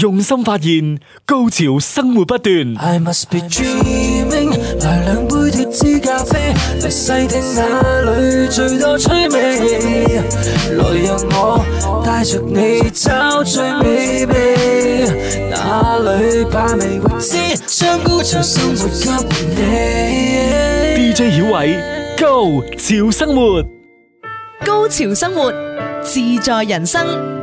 用心發現高潮生活不斷。來兩杯脫脂咖啡，來細聽那裡最多趣味。來讓我帶着你找最美秘，哪裡把味先將高潮生活給你。 DJ 曉偉，oy, 潮高潮生活，高潮生活自在人生。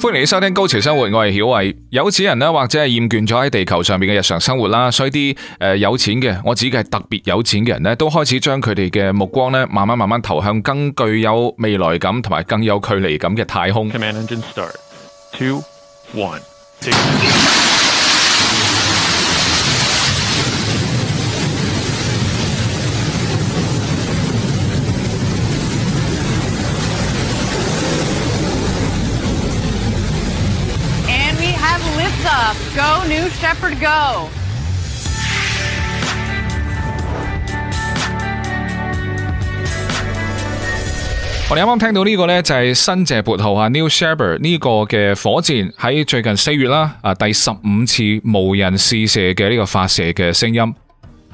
歡迎嚟收聽高潮生活，我係曉慧。有錢人咧，或者係厭倦咗喺地球上邊嘅日常生活啦，所以啲誒有錢嘅，我指嘅係特別有錢嘅人呢，都開始將佢哋嘅目光呢，慢慢慢慢投向更具有未來感同埋更有距離感嘅太空。 Go, New Shepard go！ 我哋啱啱聽到呢個呢，就係新謝撥號啊，New Shepard 呢個嘅火箭喺最近四月啦，啊第十五次無人試射嘅呢個發射嘅聲音。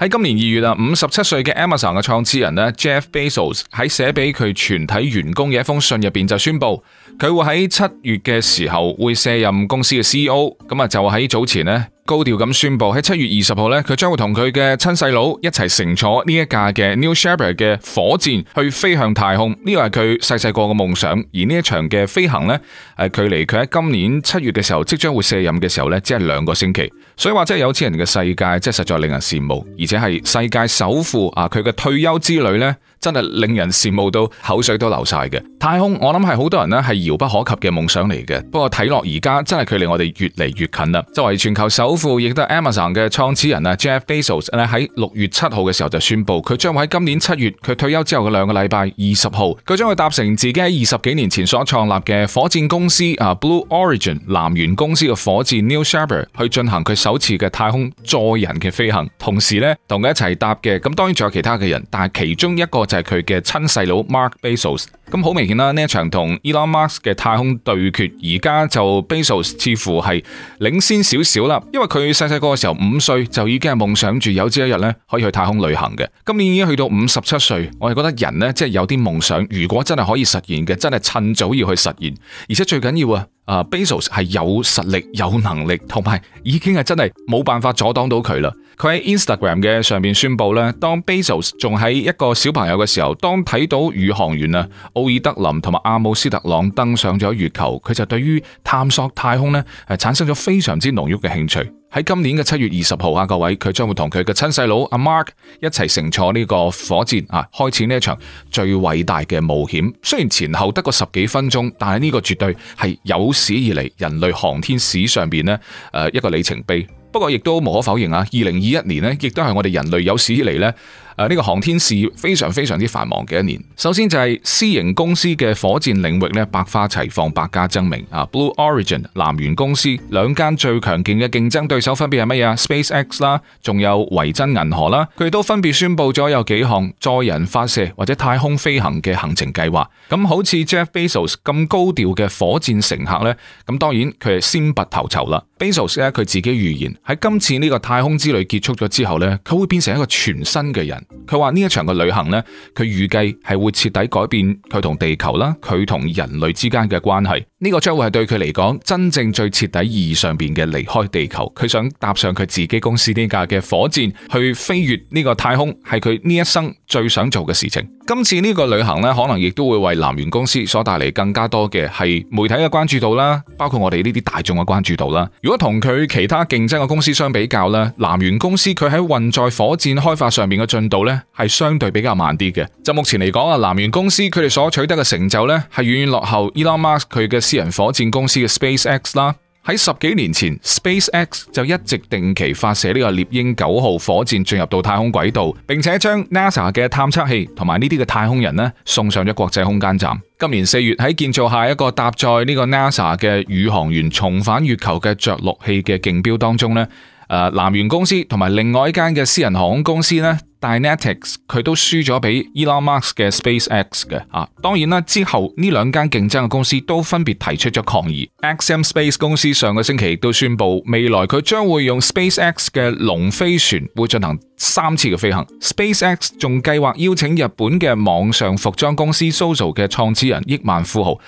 喺今年二月啊，五十七歲嘅 Amazon 嘅創始人呢，Jeff Bezos 喺寫俾佢全體員工嘅一封信入邊就宣布。佢會喺七月嘅時候會卸任公司嘅 CEO，咁啊就喺早前呢。高調咁宣布喺七月二十號呢，佢將會同佢嘅親細佬一齊乘坐呢一架嘅 New Shepard 嘅火箭去飛向太空。呢個係佢細細個嘅夢想，而呢一場嘅飛行呢，誒，距離佢喺今年七月嘅時候即將會卸任嘅時候呢，只係兩個星期。所以話即係有錢人嘅世界，即係實在令人羨慕，而且係世界首富啊，佢嘅退休之旅呢，真係令人羨慕到口水都流晒嘅太空。我諗係好多人呢，係遙不可及嘅夢想嚟嘅，不過睇落而家真係距離我哋越嚟越近啦。作為全球首，亦都係 Amazon 嘅創始人啊 Jeff Bezos 咧，喺六月七號嘅時候就宣布，佢將會喺今年七月佢退休之後嘅兩個禮拜二十號，佢將會搭乘自己喺二十幾年前所創立嘅火箭公司啊 Blue Origin 藍源公司嘅火箭 New Shepard 去進行佢首次嘅太空載人嘅飛行，同時呢，同佢一齊搭嘅，咁當然仲有其他嘅人，但係其中一個就係佢嘅親細佬 Mark Bezos。咁好明顯啦，呢一場同 Elon Musk 嘅太空對決，而家就 Bezos 似乎係領先少少啦。因為佢細細個嘅時候五歲就已經係夢想住有朝一日咧可以去太空旅行嘅。今年已經去到五十七歲，我係覺得人呢即係有啲夢想，如果真係可以實現嘅，真係趁早要去實現，而且最緊要啊！Bezos 係有實力、有能力，同埋已經係真係冇辦法阻擋到佢啦。佢喺 Instagram 嘅上面宣布咧，當 Bezos 仲喺一個小朋友嘅時候，當睇到宇航員啊奧爾德林同埋阿姆斯特朗登上咗月球，佢就對於探索太空咧係產生咗非常之濃郁嘅興趣。喺今年嘅七月二十號啊，各位佢將會同佢嘅親細佬阿 Mark 一齊乘坐呢個火箭啊，開始呢一場最偉大嘅冒險。雖然前後得個十幾分鐘，但係呢個絕對係有史以嚟人類航天史上邊咧誒一個里程碑。不過亦都無可否認啊，二零二一年咧亦都係我哋人類有史以嚟咧。誒，呢個航天事業非常非常之繁忙嘅一年。首先就係私營公司嘅火箭領域咧，百花齊放，百家爭鳴。啊，Blue Origin、藍源公司兩間最強勁嘅競爭對手分別係乜嘢？SpaceX 啦，仲有維珍銀河啦，佢都分別宣佈咗有幾項載人發射或者太空飛行嘅行程計劃。咁好似 Jeff Bezos 咁高調嘅火箭乘客呢，咁當然佢係先拔頭籌啦。Bezos 咧，佢自己預言喺今次呢個太空之旅結束咗之後呢，佢會變成一個全新嘅人。佢話呢一場嘅旅行咧，佢預計係會徹底改變佢同地球啦，佢同人類之間嘅關係。呢個將會係對佢嚟講真正最徹底意義上邊嘅離開地球，佢想搭上佢自己公司呢架嘅火箭去飛越呢個太空，係佢呢一生最想做嘅事情。今次呢個旅行呢，可能亦都會為藍源公司所帶嚟更加多嘅係媒體嘅關注度啦，包括我哋呢啲大眾嘅關注度啦。如果同佢其他競爭嘅公司相比較呢，藍源公司佢喺運載火箭開發上面嘅進度呢，係相對比較慢啲嘅。就目前嚟講啊，藍源公司佢哋所取得嘅成就呢，係遠遠落後 Elon Musk 佢嘅。人火箭公司嘅 SpaceX 啦，喺十幾年前，SpaceX 就一直定期發射呢個獵鷹九號火箭進入到太空軌道，並且將 NASA 嘅探測器同埋呢啲嘅太空人呢送上咗國際空間站。今年四月，喺建造下一個搭載呢個 NASA 嘅宇航員重返月球嘅着陸器嘅競標當中呢，誒、呃，藍源公司同埋另外一間嘅私人航空公司呢，Dynetics 佢都輸咗俾 Elon Musk 嘅 SpaceX 嘅啊，當然啦，之後呢兩間競爭嘅公司都分別提出咗抗議。XM Space 公司上個星期都宣布，未來佢將會用 SpaceX 嘅龍飛船會進行三次嘅飛行。SpaceX 仲計劃邀請日本嘅網上服裝公司 Soso 嘅創始人億萬富豪誒，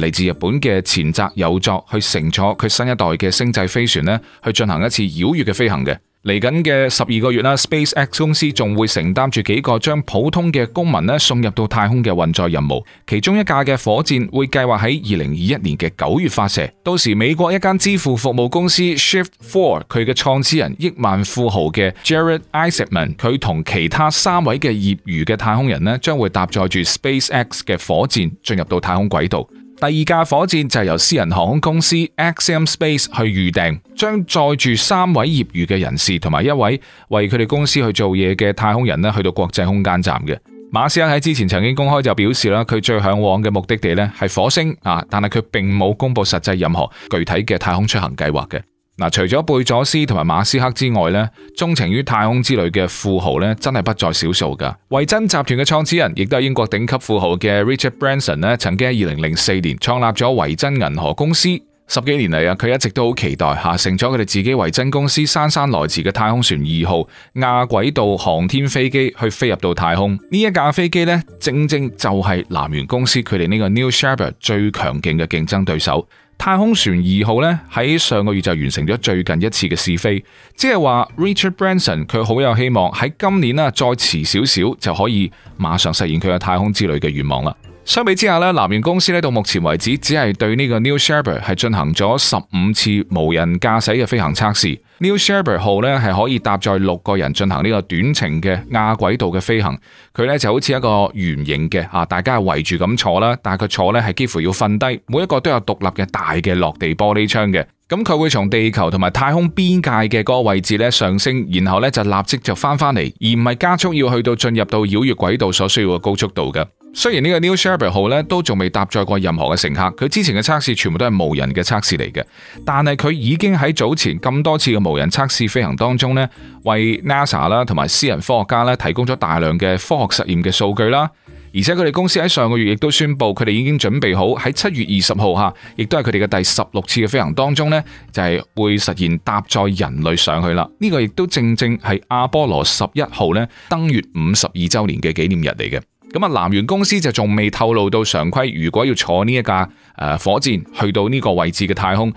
嚟自日本嘅前澤友作去乘坐佢新一代嘅星際飛船呢去進行一次繞月嘅飛行嘅。嚟緊嘅十二個月啦，Space X 公司仲會承擔住幾個將普通嘅公民咧送入到太空嘅運載任務。其中一架嘅火箭會計劃喺二零二一年嘅九月發射。到時美國一間支付服務公司 Shift Four 佢嘅創始人億萬富豪嘅 Jared Isaacman 佢同其他三位嘅業餘嘅太空人咧將會搭載住 Space X 嘅火箭進入到太空軌道。第二架火箭就係由私人航空公司 Axiom Space 去預訂，將載住三位業餘嘅人士同埋一位為佢哋公司去做嘢嘅太空人咧，去到國際空間站嘅。馬斯克喺之前曾經公開就表示啦，佢最嚮往嘅目的地咧係火星啊，但係佢並冇公布實際任何具體嘅太空出行計劃嘅。嗱，除咗貝佐斯同埋馬斯克之外呢，鍾情於太空之旅嘅富豪呢，真係不在少數噶。維珍集團嘅創始人亦都係英國頂級富豪嘅 Richard Branson 咧，曾經喺二零零四年創立咗維珍銀河公司。十幾年嚟啊，佢一直都好期待吓，乘咗佢哋自己維珍公司姍姍來遲嘅太空船二號亞軌道航天飛機去飛入到太空。呢一架飛機呢，正正就係藍源公司佢哋呢個 New Shepard 最強勁嘅競爭對手。太空船二號咧，喺上個月就完成咗最近一次嘅試飛，即係話 Richard Branson 佢，好有希望喺今年啦，再遲少少就可以馬上實現佢嘅太空之旅嘅願望啦。相比之下咧，南園公司咧到目前為止只係對呢個 New Shepard 係進行咗十五次無人駕駛嘅飛行測試。New Shepard 號咧係可以搭載六個人進行呢個短程嘅亞軌道嘅飛行。佢呢就好似一個圓形嘅啊，大家係圍住咁坐啦，但係佢坐呢係幾乎要瞓低，每一個都有獨立嘅大嘅落地玻璃窗嘅。咁佢會從地球同埋太空邊界嘅嗰個位置呢上升，然後呢就立即就翻返嚟，而唔係加速要去到進入到繞月軌道所需要嘅高速度噶。雖然個呢個 New Shepard 號咧都仲未搭載過任何嘅乘客，佢之前嘅測試全部都係無人嘅測試嚟嘅。但係佢已經喺早前咁多次嘅無人測試飛行當中呢，為 NASA 啦同埋私人科學家咧提供咗大量嘅科學實驗嘅數據啦，而且佢哋公司喺上個月亦都宣布，佢哋已經準備好喺七月二十號吓，亦都係佢哋嘅第十六次嘅飛行當中呢，就係、是、會實現搭載人類上去啦。呢、這個亦都正正係阿波羅十一號呢登月五十二週年嘅紀念日嚟嘅。咁啊，南源公司就仲未透露到常規，如果要坐呢一架誒火箭去到呢個位置嘅太空誒，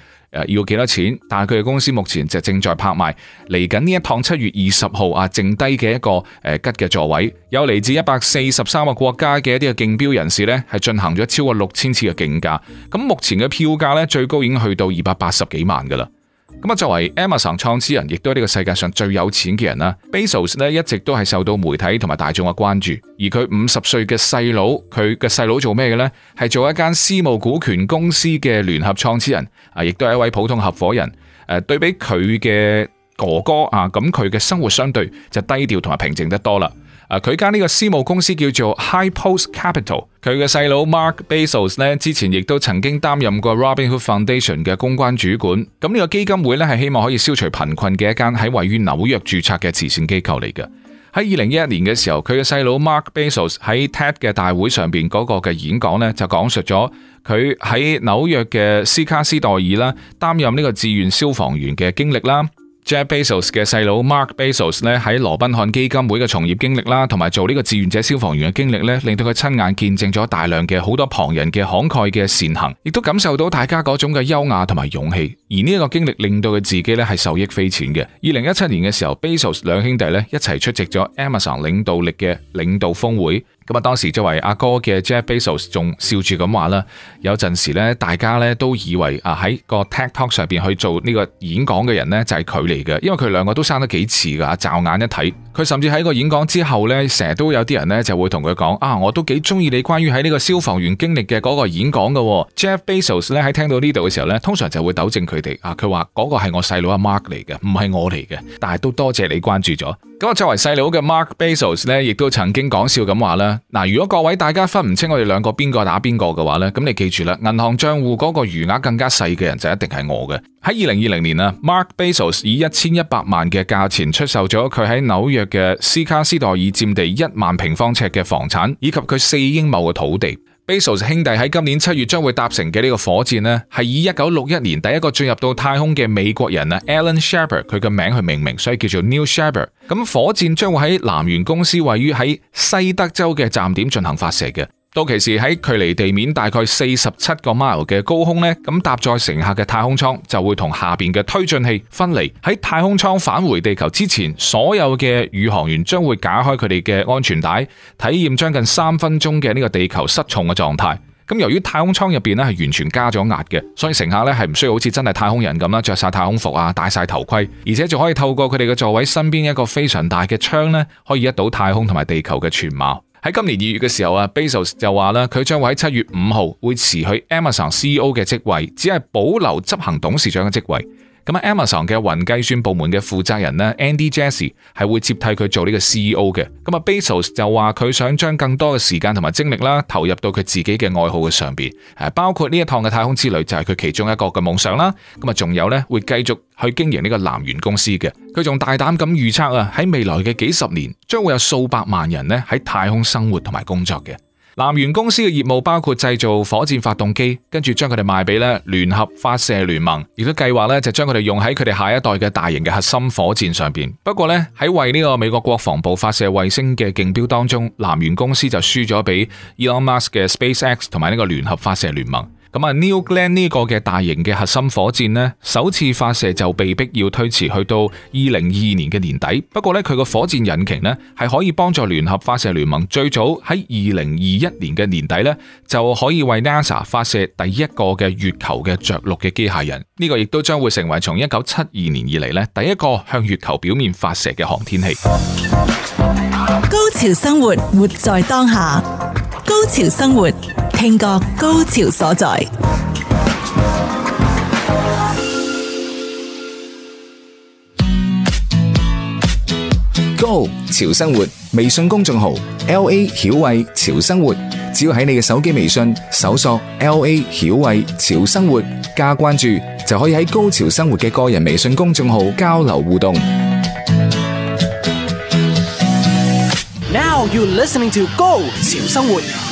要幾多錢？但係佢嘅公司目前就正在拍賣嚟緊呢一趟七月二十號啊剩低嘅一個誒吉嘅座位，有嚟自一百四十三個國家嘅一啲嘅競標人士咧，係進行咗超過六千次嘅競價。咁目前嘅票價咧，最高已經去到二百八十幾萬㗎喇。咁啊，作為 Amazon 創始人，亦都係呢個世界上最有錢嘅人啦。Bezos 呢一直都係受到媒體同埋大眾嘅關注，而佢五十歲嘅細佬，佢嘅細佬做咩嘅呢？係做一間私募股權公司嘅聯合創始人，啊，亦都係一位普通合伙人。誒、呃，對比佢嘅哥哥啊，咁佢嘅生活相對就低調同埋平靜得多啦。啊！佢間呢個私募公司叫做 High Post Capital，佢嘅細佬 Mark Bezos 咧，之前亦都曾經擔任過 Robin Hood Foundation 嘅公關主管。咁呢個基金會呢，係希望可以消除貧困嘅一間喺位於紐約註冊嘅慈善機構嚟嘅。喺二零一一年嘅時候，佢嘅細佬 Mark Bezos 喺 TED 嘅大會上邊嗰個嘅演講呢，就講述咗佢喺紐約嘅斯卡斯代爾啦，擔、e, 任呢個志願消防員嘅經歷啦。Jack Bezos 嘅細佬 Mark Bezos 喺羅賓漢基金會嘅從業經歷啦，同埋做呢個志願者消防員嘅經歷咧，令到佢親眼見證咗大量嘅好多旁人嘅慷慨嘅善行，亦都感受到大家嗰種嘅優雅同埋勇氣。而呢一個經歷令到佢自己咧係受益匪淺嘅。二零一七年嘅時候，Bezos 兩兄弟咧一齊出席咗 Amazon 領導力嘅領導峰會。咁啊！當時作為阿哥嘅 Jeff Bezos 仲笑住咁話啦，有陣時呢，大家咧都以為啊喺個 TED Talk 上邊去做呢個演講嘅人呢，就係佢嚟嘅，因為佢兩個都生得幾似噶，驟眼一睇。佢甚至喺個演講之後呢，成日都有啲人呢就會同佢講啊，我都幾中意你關於喺呢個消防員經歷嘅嗰個演講噶。Jeff Bezos 咧喺聽到呢度嘅時候呢，通常就會糾正佢哋啊，佢話嗰個係我細佬阿 Mark 嚟嘅，唔係我嚟嘅，但係都多謝你關注咗。咁啊，作為細佬嘅 Mark Bezos 咧，亦都曾經講笑咁話啦。嗱，如果各位大家分唔清我哋兩個邊個打邊個嘅話呢，咁你記住啦，銀行賬戶嗰個餘額更加細嘅人就一定係我嘅。喺二零二零年啊，Mark Bezos 以一千一百萬嘅價錢出售咗佢喺紐約嘅斯卡斯代爾佔地一萬平方尺嘅房產，以及佢四英畝嘅土地。b a 貝索斯兄弟喺今年七月將會搭乘嘅呢個火箭呢，係以一九六一年第一個進入到太空嘅美國人 Alan Shepard 佢嘅名去命名，所以叫做 New Shepard。咁火箭將會喺南源公司位於喺西德州嘅站點進行發射嘅。到期時喺距離地面大概四十七個 mile 嘅高空呢，咁搭載乘，乘客嘅太空艙就會同下邊嘅推進器分離。喺太空艙返回地球之前，所有嘅宇航員將會解開佢哋嘅安全帶，體驗將近三分鐘嘅呢個地球失重嘅狀態。咁由於太空艙入邊咧係完全加咗壓嘅，所以乘客呢係唔需要好似真係太空人咁啦，着晒太空服啊，戴晒頭盔，而且仲可以透過佢哋嘅座位身邊一個非常大嘅窗呢，可以一睹太空同埋地球嘅全貌。喺今年二月嘅時候啊，Bezos 就話啦，佢將會喺七月五號會辭去 Amazon CEO 嘅職位，只係保留執行董事長嘅職位。咁啊，Amazon 嘅雲計算部門嘅負責人咧，Andy Jassy 係會接替佢做呢個 CEO 嘅。咁啊，Bezos 就話佢想將更多嘅時間同埋精力啦，投入到佢自己嘅愛好嘅上邊，誒，包括呢一趟嘅太空之旅就係佢其中一個嘅夢想啦。咁啊，仲有咧會繼續去經營呢個藍源公司嘅。佢仲大膽咁預測啊，喺未來嘅幾十年將會有數百萬人咧喺太空生活同埋工作嘅。藍源公司嘅業務包括製造火箭發動機，跟住將佢哋賣俾咧聯合發射聯盟，亦都計劃咧將佢哋用喺佢哋下一代嘅大型嘅核心火箭上面。不過咧喺為呢個美國國防部發射衛星嘅競標當中，藍源公司就輸咗俾 Elon Musk 嘅 SpaceX 同埋呢個聯合發射聯盟。咁啊，New Glenn 呢個嘅大型嘅核心火箭呢，首次發射就被迫要推遲去到二零二二年嘅年底。不過呢，佢個火箭引擎呢係可以幫助聯合發射聯盟最早喺二零二一年嘅年底呢，就可以為 NASA 發射第一個嘅月球嘅着陸嘅機械人。呢個亦都將會成為從一九七二年以嚟呢第一個向月球表面發射嘅航天器。高潮生活，活在當下。高潮生活。聽覺高潮所在。Go 潮生活微信公眾號 L A 曉慧潮生活，只要喺你嘅手機微信搜索 L A 曉慧潮生活加關注，就可以喺高潮生活嘅個人微信公眾號交流互動。Now you're listening to Go 潮生活。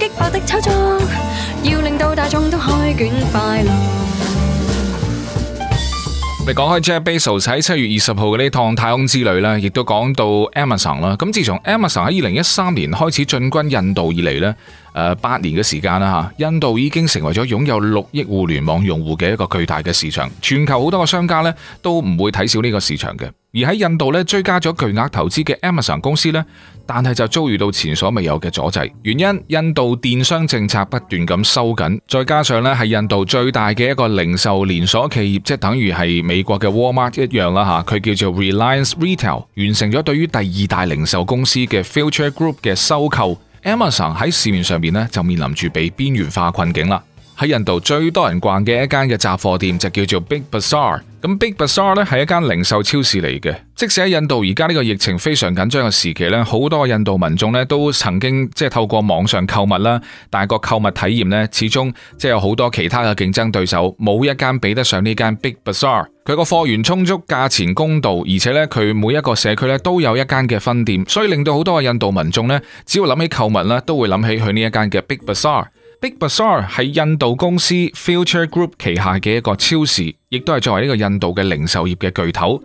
激爆的炒作，要令到大眾都開卷快樂。未 講開 Jeff Bezos 喺七月二十號嘅呢趟太空之旅啦，亦都講到 Amazon 啦。咁自從 Amazon 喺二零一三年開始進軍印度以嚟呢。呃、八年嘅時間啦，印度已經成為咗擁有六億互聯網用戶嘅一個巨大嘅市場。全球好多個商家咧都唔會睇小呢個市場嘅。而喺印度咧追加咗巨額投資嘅 Amazon 公司咧，但係就遭遇到前所未有嘅阻滯。原因印度電商政策不斷咁收緊，再加上咧係印度最大嘅一個零售連鎖企業，即等於係美國嘅 Walmart 一樣啦嚇。佢叫做 Reliance Retail，完成咗對於第二大零售公司嘅 Future Group 嘅收購。Amazon 喺市面上面就面臨住被邊緣化困境啦。喺印度最多人逛嘅一間嘅雜貨店就叫做 Big Bazaar。咁 Big Bazaar 咧係一間零售超市嚟嘅。即使喺印度而家呢個疫情非常緊張嘅時期咧，好多印度民眾咧都曾經即係透過網上購物啦，但係個購物體驗呢，始終即係有好多其他嘅競爭對手，冇一間比得上呢間 Big Bazaar。佢個貨源充足，價錢公道，而且呢，佢每一個社區呢都有一間嘅分店，所以令到好多嘅印度民眾呢只要諗起購物呢，都會諗起佢呢一間嘅 Big Bazaar。Big Bazaar 係印度公司 Future Group 旗下嘅一個超市，亦都係作為呢個印度嘅零售業嘅巨頭。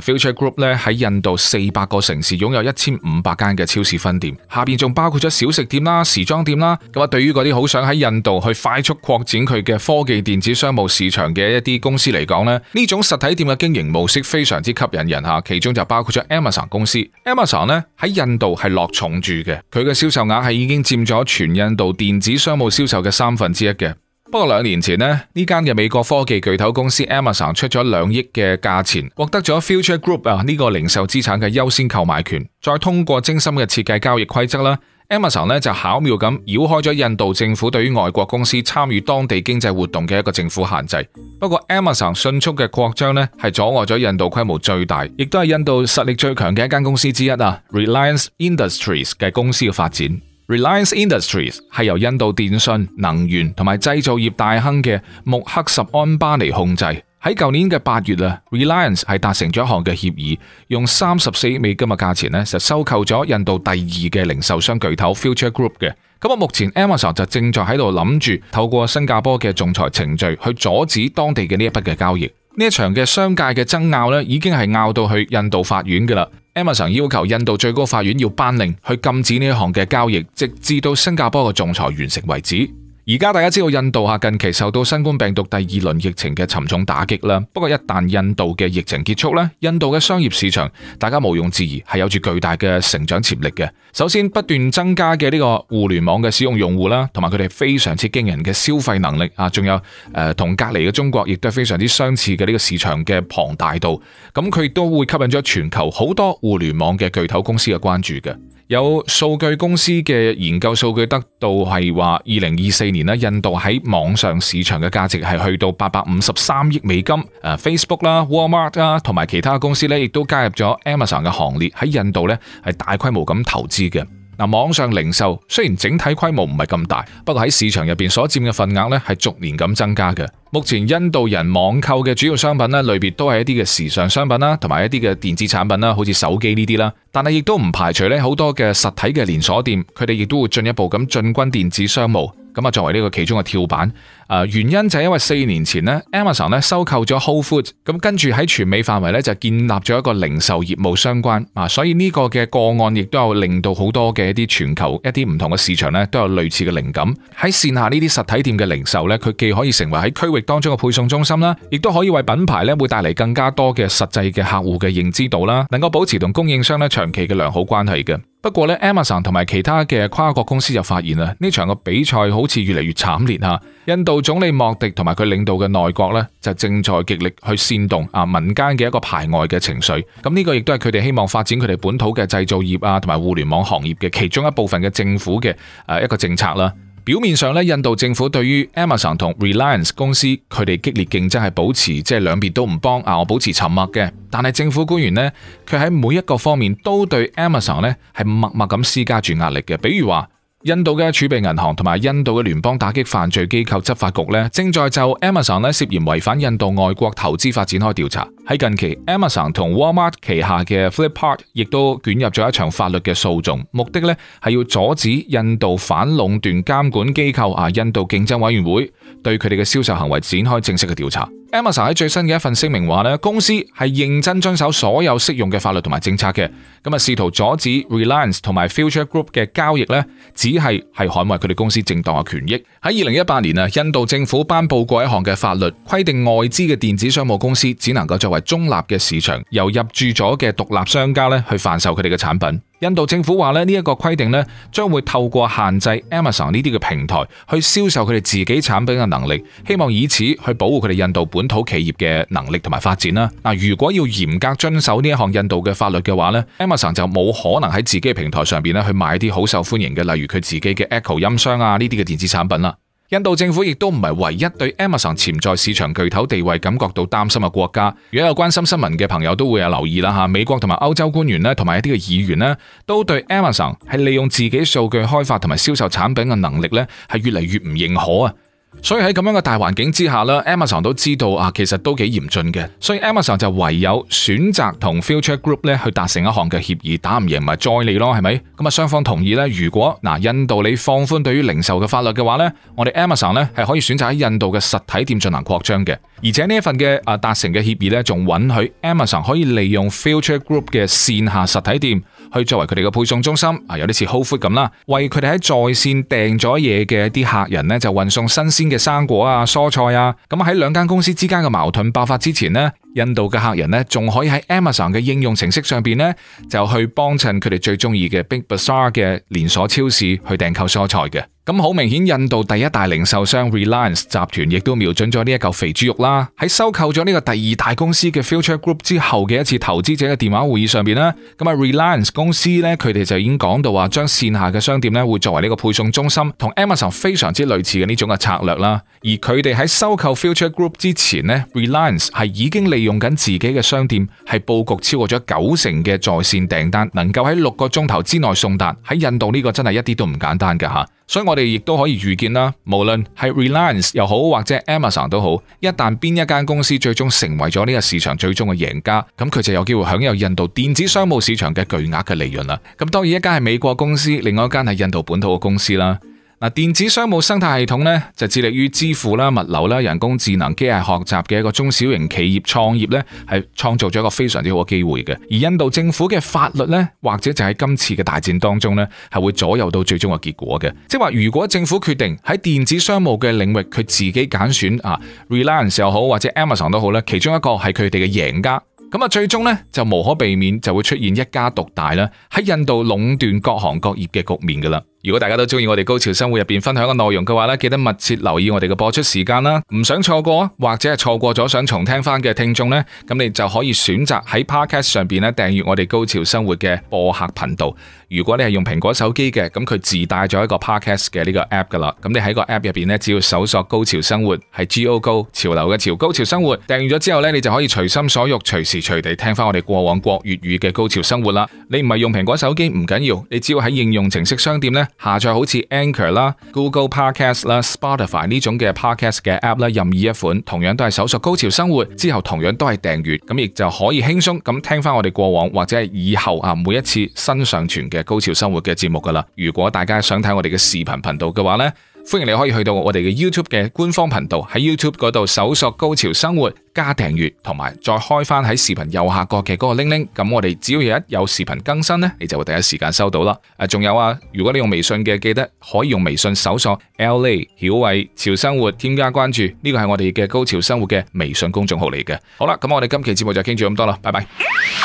Future Group 咧喺印度四百個城市擁有一千五百間嘅超市分店，下邊仲包括咗小食店啦、時裝店啦。咁啊，對於嗰啲好想喺印度去快速擴展佢嘅科技電子商務市場嘅一啲公司嚟講咧，呢種實體店嘅經營模式非常之吸引人嚇，其中就包括咗 Amazon 公司。Amazon 咧喺印度係落重注嘅，佢嘅銷售額係已經佔咗全印度電子商務銷售嘅三分之一嘅。不過兩年前呢，呢間嘅美國科技巨頭公司 Amazon 出咗兩億嘅價錢，獲得咗 Future Group 啊呢個零售資產嘅優先購買權。再通過精心嘅設計交易規則啦，Amazon 呢就巧妙咁繞開咗印度政府對於外國公司參與當地經濟活動嘅一個政府限制。不過 Amazon 迅速嘅擴張呢，係阻礙咗印度規模最大，亦都係印度實力最強嘅一間公司之一啊 Reliance Industries 嘅公司嘅發展。Reliance Industries 係由印度電信、能源同埋製造業大亨嘅穆克什安巴尼控制。喺舊年嘅八月啊，Reliance 係達成咗一項嘅協議，用三十四美金嘅價錢呢就收購咗印度第二嘅零售商巨頭 Future Group 嘅。咁啊，目前 Amazon 就正在喺度諗住透過新加坡嘅仲裁程序去阻止當地嘅呢一筆嘅交易。呢一場嘅商界嘅爭拗呢，已經係拗到去印度法院㗎喇。a m a z 要求印度最高法院要頒令去禁止呢一項嘅交易，直至到新加坡嘅仲裁完成為止。而家大家知道印度啊，近期受到新冠病毒第二輪疫情嘅沉重打擊啦。不過一旦印度嘅疫情結束咧，印度嘅商業市場，大家毋庸置疑係有住巨大嘅成長潛力嘅。首先，不斷增加嘅呢個互聯網嘅使用用戶啦，同埋佢哋非常之驚人嘅消費能力啊，仲有誒同、呃、隔籬嘅中國亦都係非常之相似嘅呢個市場嘅龐大度。咁佢都會吸引咗全球好多互聯網嘅巨頭公司嘅關注嘅。有數據公司嘅研究數據得到係話，二零二四年咧，印度喺網上市場嘅價值係去到八百五十三億美金。誒，Facebook 啦、Walmart 啦，同埋其他公司咧，亦都加入咗 Amazon 嘅行列喺印度咧，係大規模咁投資嘅。嗱，網上零售雖然整體規模唔係咁大，不過喺市場入邊所佔嘅份額咧係逐年咁增加嘅。目前印度人網購嘅主要商品呢，類別都係一啲嘅時尚商品啦，同埋一啲嘅電子產品啦，好似手機呢啲啦。但係亦都唔排除呢，好多嘅實體嘅連鎖店，佢哋亦都會進一步咁進軍電子商務。咁啊，作為呢個其中嘅跳板，誒，原因就係因為四年前呢 Amazon 呢收購咗 Whole Foods，咁跟住喺全美範圍呢，就建立咗一個零售業務相關啊，所以呢個嘅個案亦都有令到好多嘅一啲全球一啲唔同嘅市場呢，都有類似嘅靈感。喺線下呢啲實體店嘅零售呢，佢既可以成為喺區域當中嘅配送中心啦，亦都可以為品牌呢，會帶嚟更加多嘅實際嘅客戶嘅認知度啦，能夠保持同供應商呢長期嘅良好關係嘅。不過咧，Amazon 同埋其他嘅跨國公司就發現啦，呢場嘅比賽好似越嚟越慘烈吓。印度總理莫迪同埋佢領導嘅內閣咧，就正在極力去煽動啊民間嘅一個排外嘅情緒。咁呢個亦都係佢哋希望發展佢哋本土嘅製造業啊，同埋互聯網行業嘅其中一部分嘅政府嘅誒一個政策啦。表面上咧，印度政府對於 Amazon 同 Reliance 公司佢哋激烈競爭，係保持即係兩邊都唔幫啊，我保持沉默嘅。但係政府官員呢，佢喺每一個方面都對 Amazon 呢係默默咁施加住壓力嘅，比如話。印度嘅儲備銀行同埋印度嘅聯邦打擊犯罪機構執法局咧，正在就 Amazon 咧涉嫌違反印度外國投資法展開調查。喺近期，Amazon 同 Walmart 旗下嘅 Flipkart 亦都捲入咗一場法律嘅訴訟，目的咧係要阻止印度反壟斷監管機構啊印度競爭委員會對佢哋嘅銷售行為展開正式嘅調查。Amazon 喺最新嘅一份聲明話咧，公司係認真遵守所有適用嘅法律同埋政策嘅，咁啊試圖阻止 Reliance 同埋 Future Group 嘅交易呢，只係係捍衞佢哋公司正當嘅權益。喺二零一八年啊，印度政府頒佈過一項嘅法律，規定外資嘅電子商務公司只能夠作為中立嘅市場，由入駐咗嘅獨立商家咧去販售佢哋嘅產品。印度政府話咧呢一個規定咧，將會透過限制 Amazon 呢啲嘅平台去銷售佢哋自己產品嘅能力，希望以此去保護佢哋印度本土企業嘅能力同埋發展啦。嗱，如果要嚴格遵守呢一項印度嘅法律嘅話咧，Amazon 就冇可能喺自己嘅平台上邊咧去買啲好受歡迎嘅，例如佢自己嘅 Echo 音箱啊呢啲嘅電子產品啦。印度政府亦都唔係唯一對 Amazon 潛在市場巨頭地位感覺到擔心嘅國家。如果有關心新聞嘅朋友，都會有留意啦吓。美國同埋歐洲官員咧，同埋一啲嘅議員咧，都對 Amazon 係利用自己數據開發同埋銷售產品嘅能力咧，係越嚟越唔認可啊！所以喺咁樣嘅大環境之下呢 Amazon 都知道啊，其實都幾嚴峻嘅。所以 Amazon 就唯有選擇同 Future Group 咧去達成一項嘅協議，打唔贏咪再利咯，係咪？咁啊，雙方同意呢？如果嗱、啊、印度你放寬對於零售嘅法律嘅話呢我哋 Amazon 呢係可以選擇喺印度嘅實體店進行擴張嘅。而且呢一份嘅啊達成嘅協議呢，仲允許 Amazon 可以利用 Future Group 嘅線下實體店。去作為佢哋嘅配送中心，有啲似 Wholefood 咁啦，為佢哋喺在線訂咗嘢嘅一啲客人呢，就運送新鮮嘅生果啊、蔬菜啊。咁喺兩間公司之間嘅矛盾爆發之前呢，印度嘅客人咧，仲可以喺 Amazon 嘅應用程式上邊咧，就去幫襯佢哋最中意嘅 Big Bazaar 嘅連鎖超市去訂購蔬菜嘅。咁好明顯，印度第一大零售商 Reliance 集團亦都瞄準咗呢一舊肥豬肉啦。喺收購咗呢個第二大公司嘅 Future Group 之後嘅一次投資者嘅電話會議上邊啦，咁啊 Reliance 公司呢，佢哋就已經講到話，將綫下嘅商店咧會作為呢個配送中心，同 Amazon 非常之類似嘅呢種嘅策略啦。而佢哋喺收購 Future Group 之前呢，Reliance 係已經力利用緊自己嘅商店，係布局超過咗九成嘅在線訂單，能夠喺六個鐘頭之內送達。喺印度呢個真係一啲都唔簡單嘅吓，所以我哋亦都可以預見啦。無論係 Reliance 又好或者 Amazon 都好，一旦邊一間公司最終成為咗呢個市場最終嘅贏家，咁佢就有機會享有印度電子商務市場嘅巨額嘅利潤啦。咁當然，一間係美國公司，另外一間係印度本土嘅公司啦。嗱，電子商務生態系統咧就致力於支付啦、物流啦、人工智能、機械學習嘅一個中小型企業創業咧，係創造咗一個非常之好嘅機會嘅。而印度政府嘅法律咧，或者就喺今次嘅大戰當中咧，係會左右到最終嘅結果嘅。即係話，如果政府決定喺電子商務嘅領域佢自己揀選啊，Reliance 又好或者 Amazon 都好咧，其中一個係佢哋嘅贏家。咁啊，最終咧就無可避免就會出現一家獨大啦，喺印度壟斷各行各業嘅局面㗎喇。如果大家都中意我哋高潮生活入邊分享嘅內容嘅話呢，記得密切留意我哋嘅播出時間啦，唔想錯過，或者係錯過咗想重聽翻嘅聽眾呢，咁你就可以選擇喺 Podcast 上邊咧訂閱我哋高潮生活嘅播客頻道。如果你係用蘋果手機嘅，咁佢自帶咗一個 Podcast 嘅呢個 app 噶啦，咁你喺個 app 入邊呢，只要搜索高潮生活係 G O G 潮流嘅潮高潮生活，訂閱咗之後呢，你就可以隨心所欲、隨時隨地聽翻我哋過往國粵語嘅高潮生活啦。你唔係用蘋果手機唔緊要，你只要喺應用程式商店呢。下載好似 Anchor 啦、Google Podcast 啦、Spotify 呢種嘅 Podcast 嘅 App 啦，任意一款，同樣都係搜索《高潮生活》之後，同樣都係訂閱，咁亦就可以輕鬆咁聽翻我哋過往或者係以後啊每一次新上傳嘅《高潮生活》嘅節目噶啦。如果大家想睇我哋嘅視頻頻道嘅話呢。歡迎你可以去到我哋嘅 YouTube 嘅官方頻道，喺 YouTube 度搜索《高潮生活》加訂閱，同埋再開翻喺視頻右下角嘅嗰個 link。咁我哋只要有一有視頻更新呢，你就會第一時間收到啦。誒，仲有啊，如果你用微信嘅，記得可以用微信搜索 LA 曉慧潮生活，添加關注。呢、這個係我哋嘅《高潮生活》嘅微信公眾號嚟嘅。好啦，咁我哋今期節目就傾住咁多啦，拜拜。